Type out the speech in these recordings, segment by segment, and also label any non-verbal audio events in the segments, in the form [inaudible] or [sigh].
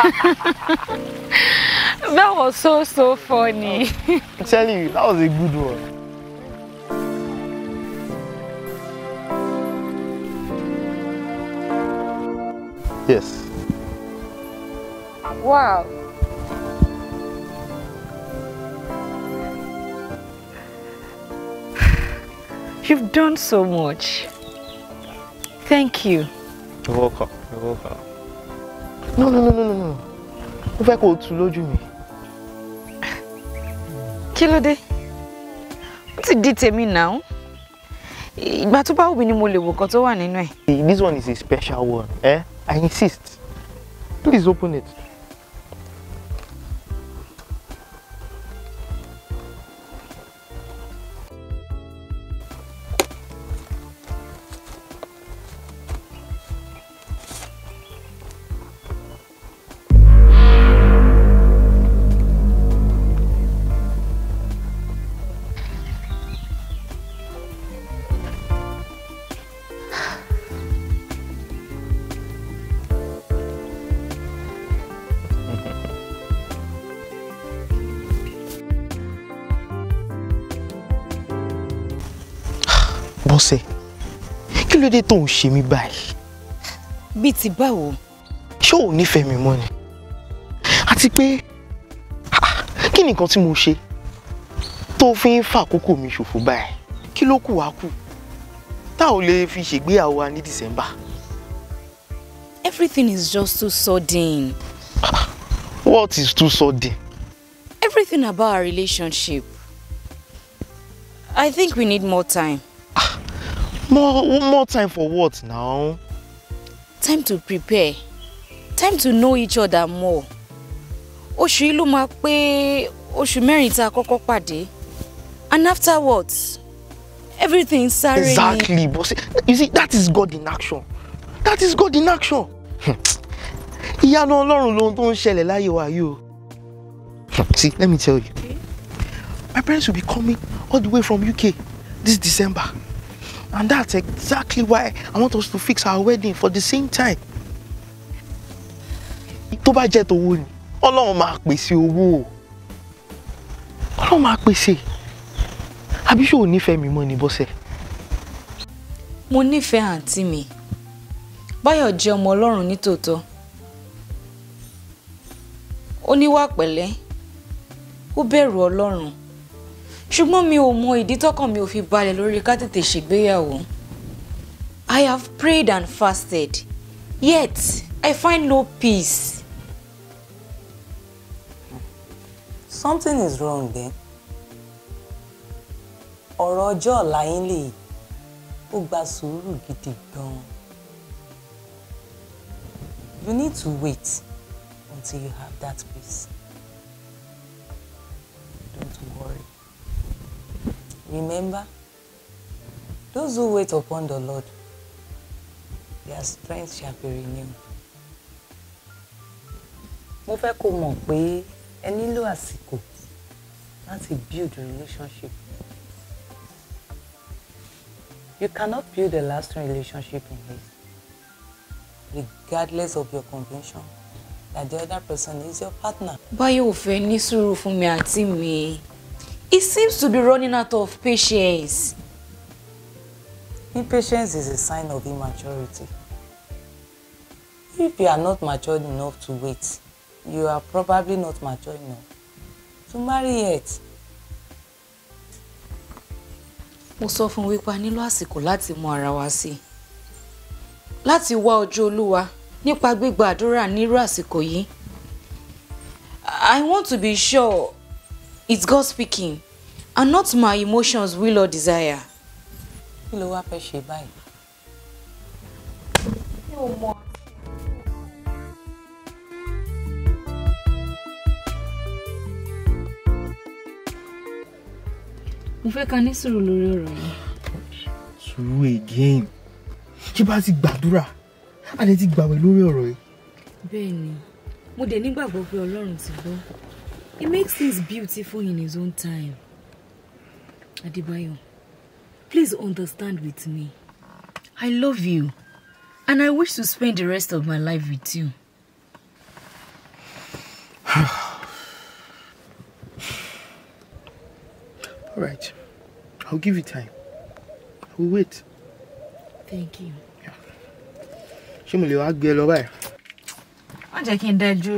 [laughs] that was so, so funny. I'm telling you, that was a good one. Yes. Wow. You've done so much. Thank you. You're welcome. You're welcome. no no no no no no mo fẹ́ kó o tu lójú mi. kí ló dé ó ti di tèmi náà ìgbà tó bá wù mí ni mo lè wò kan tó wà nínú ẹ. this one is a special one eh? I insist please open it. lọ́sẹ̀ kí ló dé tó ń ṣe mí báyìí. bíi ti báwo. ṣé ò nífẹ̀ẹ́ mi mọ́ ni àti pé ah, kí nìkan tí mo ṣe tó fi ń fàkókò mi ṣòfò báyìí kí ló kù wá kù tá ò lè fi ṣègbéyàwó wa ní December. everything is just too sudden. Ah, what is too sudden. everything about our relationship. I think we need more time. More, more time for what now? Time to prepare. Time to know each other more. Oṣù yìí ló máa pé oṣù mẹ́rin tá a kọ́kọ́ pàdé. And afterwards, everything sáré Exactly, boss. You see, that is God in action. That is God in action. [laughs] Ìyanu Ọlọ́run lohun tó ń ṣẹlẹ̀ láyé wa yìí o. [laughs] See, let me tell you. My parents will be coming all the way from UK this December. And that's exactly why I want us to fix our wedding for the same time. Tó bá jẹ́ tòwó ni, Ọlọ́run máa pèsè owó o. Ọlọ́run máa pèsè. Àbí ṣé o nífẹ̀ẹ́ mi mọ́ ni bọ́sẹ̀? Mo nífẹ̀ẹ́ àǹtí mi. Báyọ̀ jẹ́ ọmọ Ọlọ́run nítòótọ́. Ó níwà pẹ̀lẹ́. Ó bẹ̀rù Ọlọ́run ṣùgbọ́n mi ò mọ ìdí tọ́kàn mi ò fi balẹ̀ lórí ká tètè ṣègbéyàwó. I have prayed and fasted yet I find no peace. Something is wrong then. ọ̀rọ̀ ọjọ́ ọ̀la yín lè ó gba sùúrù gidi gan You need to wait until you have that peace. Remember, those who wait upon the Lord, their strength shall be renewed. Mo fẹ́ kó mọ̀ pé ẹ nílò àsìkò láti build relationship. You cannot build a lasting relationship in this, regardless of your convention that the other person is your partner. Báyọ̀ ò fẹ́ ní sùúrù fún mi àti mi. He seems to be running out of patience. Impatience is a sign of immaturity. If you are not mature enough to wait, you are probably not mature enough to marry yet. Mo sọ fún wípé a nílò àsìkò láti mú ara wa sí i. Láti wá ojú Olúwa nípa gbígba àdúrà nírú àsìkò yìí. I want to be sure it's God speaking and not my emotions, will or desire. Kí ló wá fẹ́ ṣe báyìí? Mi ò mọ̀. Mo fẹ́ ká ní sùúrù lórí ọ̀rọ̀ yìí. Sùúrù again. Ṣé bá ti gbàdúrà? A lè ti gbàwẹ̀ lórí ọ̀rọ̀ yìí. Bẹ́ẹ̀ni, mo dẹ̀ nígbàgbọ́ pé Ọlọ́run ti gbọ́. He makes things beautiful in his own time. Adibayo, please understand with me. I love you and I wish to spend the rest of my life with you. [sighs] All right. I'll give you time. We'll wait. Thank you. Ṣé mo lè wá gbé I'm e lọ that Wọ́n jẹ́ kí n dájú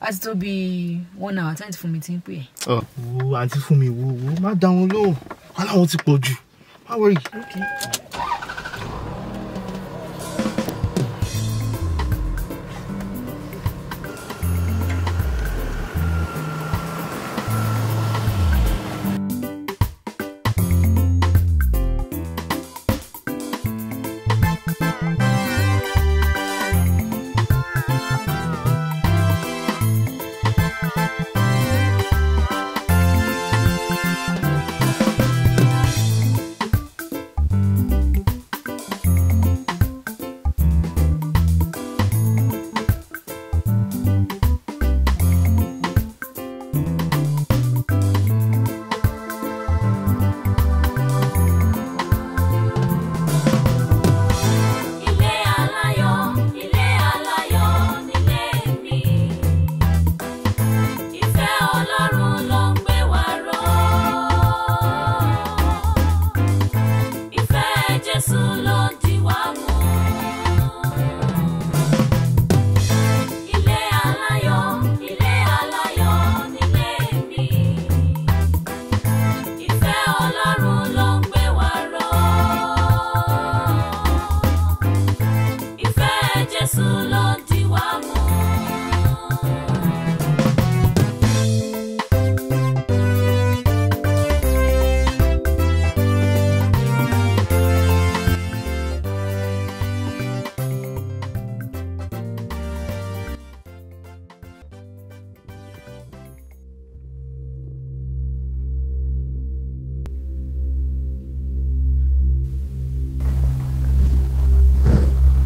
a ti tó bíi one hour tẹ́ǹtì fún mi ti ń pè é. Oh. wo àǹtí fún mi wo wo má dá wọn lóhùn aláwọn ti pọ̀ jù má wọrí. okay.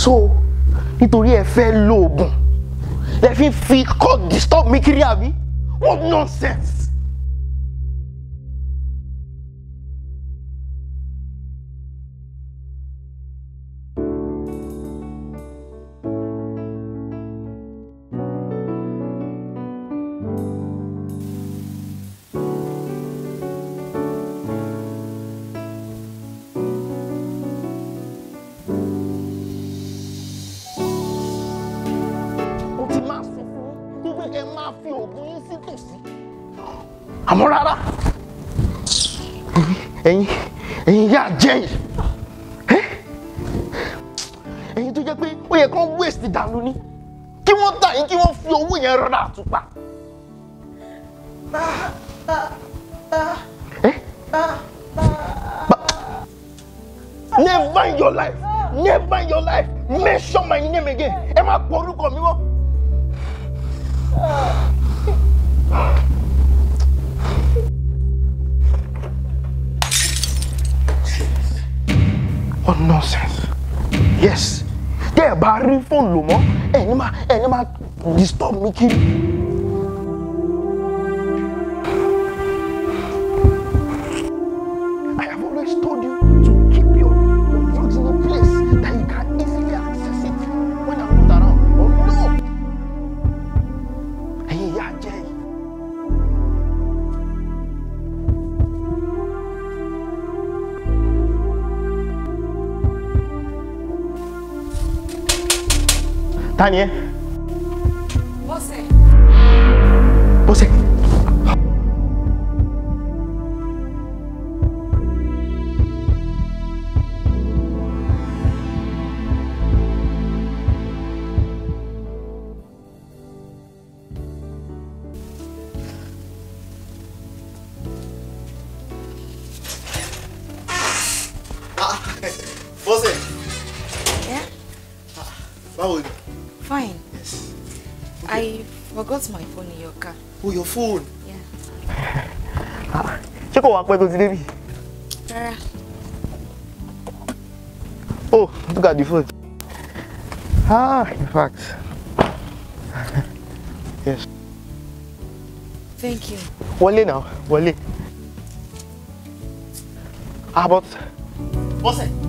So, nítorí ẹ fẹ́ lo oògùn lẹ fi fi kọ́ disturb mi kiri àbí what nonsense. àmọ́ rárá ẹ̀yin ẹ̀yin yà jẹ́yìn ẹ̀yin tó jẹ́ pé ó yẹ kán waste dànù ni kí wọ́n tà yín kí wọ́n fi owó yẹn rọra àtùpà. Never in your life, never in your life, mention my name again. Ẹ má pọ̀ orúkọ mi mọ́. What oh, nonsense. Yes. they ẹ̀ bá rí fóònù lò mọ́, ẹ̀yin disturb mi kiri. Tania. Você. Você. Ah, você. É? Ah, vamos Fine. Yes. Okay. I forgot my phone in your car. Oh, your phone? Yeah. Ah, ṣé kò wá pẹ́ tó ti débí? Oh, look at the phone. Ah, in fact. [laughs] yes. Thank you. Wọlé now, wọlé. Ah, but... it?